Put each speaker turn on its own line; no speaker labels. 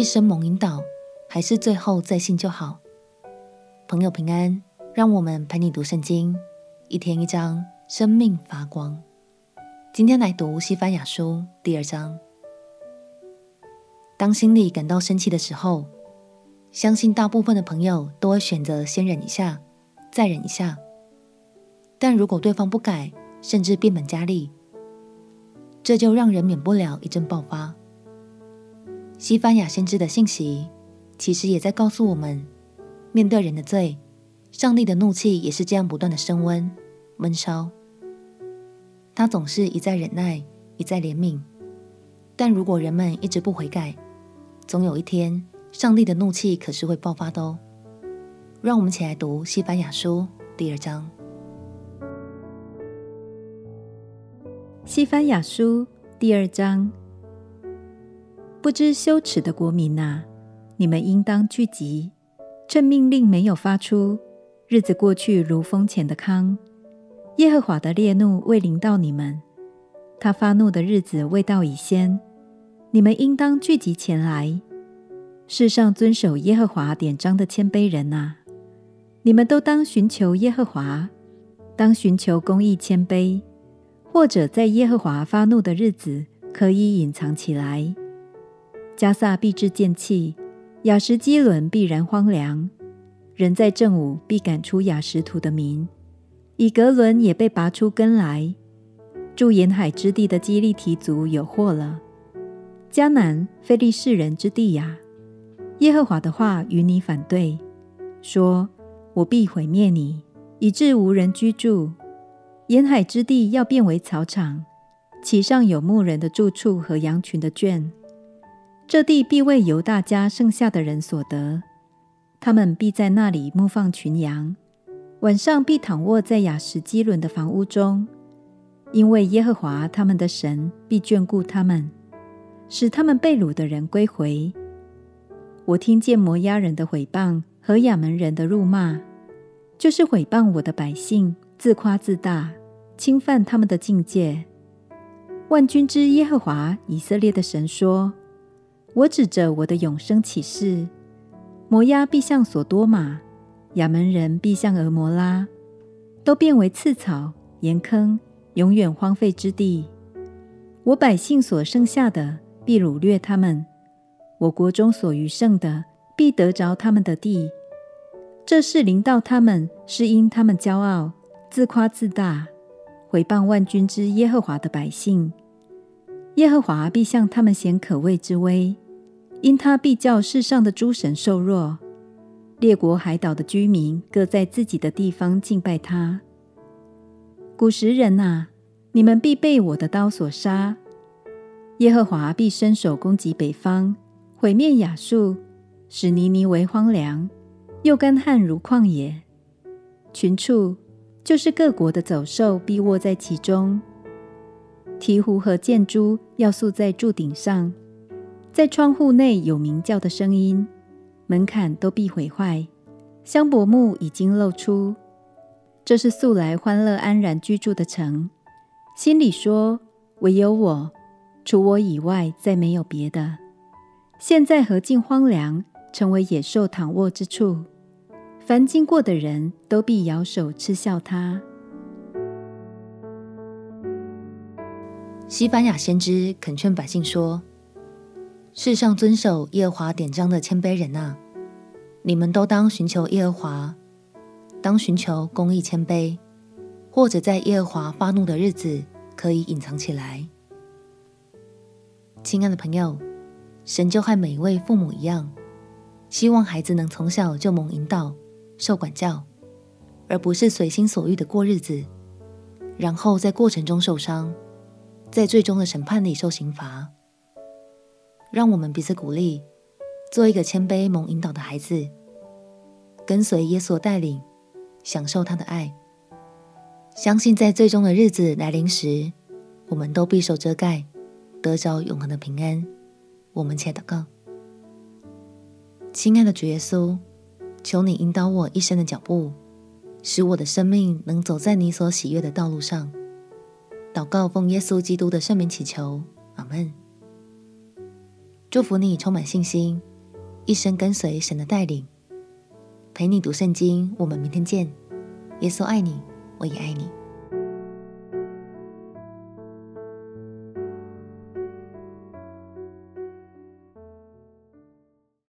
一生蒙引導，還是最後再信就好？朋友平安，讓我們陪你讀聖經，一天一章，生命發光。今天來讀《西番雅書》第二章。當心裡感到生氣的時候，相信大部分的朋友都會選擇先忍一下，再忍一下。但如果對方不改，甚至變本加厲，這就讓人免不了一陣爆發。西番雅先知的信息，其實也在告訴我們：面對人的罪，上帝的怒氣也是這樣不斷的升溫、悶燒。他總是一再忍耐，一再憐憫。但如果人們一直不悔改，總有一天，上帝的怒氣可是會爆發的哦。讓我們一起來讀西番雅書第二章，《西番雅書》第
二章，《西番雅書》第二章。不知羞恥的國民吶、啊，你們應當聚集，趁命令沒有發出，日子過去如風前的糠。耶和華的烈怒未臨到你們，他發怒的日子未到已先。你們應當聚集前來。世上遵守耶和華典章的謙卑人吶、啊，你們都當尋求耶和華，當尋求公義謙卑，或者在耶和華發怒的日子可以隱藏起來。迦薩必致見棄，亞實基倫必然荒涼。人在正午必趕出亞實突的民，以革倫也被拔出根來。住沿海之地的基利提族有禍了。迦南、非利士人之地呀、啊！耶和華的話與你反對，說：我必毀滅你，以致無人居住。沿海之地要變為草場，其上有牧人的住處和羊群的圈。這地必為猶大家剩下的人所得，他們必在那裡牧放群羊，晚上必躺臥在亞實基倫的房屋中，因為耶和華他們的神必眷顧他們，使他們被擄的人歸回。我聽見摩押人的毀謗和亞捫人的辱罵，就是毀謗我的百姓，自誇自大，侵犯他們的境界。萬軍之耶和華以色列的神說。我指着我的永生起誓，摩押必像所多瑪，亞捫人必像俄摩拉，都變為刺草、鹽坑，永遠荒廢之地。我百姓所剩下的必擄掠他們，我國中所餘剩的必得着他們的地。這事臨到他們是因他們驕傲、自誇自大、毀謗萬軍之耶和華的百姓。耶和華必向他們顯可畏之威，因他必叫世上的諸神瘦弱，列國海島的居民各在自己的地方敬拜他。古時人吶、啊，你們必被我的刀所殺。耶和華必伸手攻擊北方，毀滅亞述，使尼尼微荒涼，又乾旱如曠野。群畜就是各國的走獸必臥在其中。提壺和箭豬要宿在柱頂上，在窗戶內有鳴叫的聲音，門檻都必毀壞，香柏木已經露出。這是素來歡樂安然居住的城。心裡說：唯有我，除我以外，再沒有別的。現在何竟荒涼，成為野獸躺臥之處。凡經過的人都必搖手嗤笑他。西番
雅先知懇勸百姓說：“世上遵守耶和華典章的謙卑人啊，你們都當尋求耶和華，當尋求公義謙卑，或者在耶和華發怒的日子，可以隱藏起來。”親愛的朋友，神就和每一位父母一樣，希望孩子能從小就蒙引導、受管教，而不是隨心所欲的過日子，然後在過程中受傷。在最終的審判裡受刑罰，讓我們彼此鼓勵，做一個謙卑蒙引導的孩子，跟隨耶穌的帶領，享受他的愛。相信在最終的日子來臨時，我們都必受遮蓋，得着永恆的平安。我們且禱告：親愛的主耶穌，求你引導我一生的腳步，使我的生命能走在你所喜悅的道路上。禱告奉耶穌基督的聖名祈求，阿門。祝福你充滿信心，一生跟隨神的帶領，陪你讀聖經，我們明天見。耶穌愛你，我也愛你。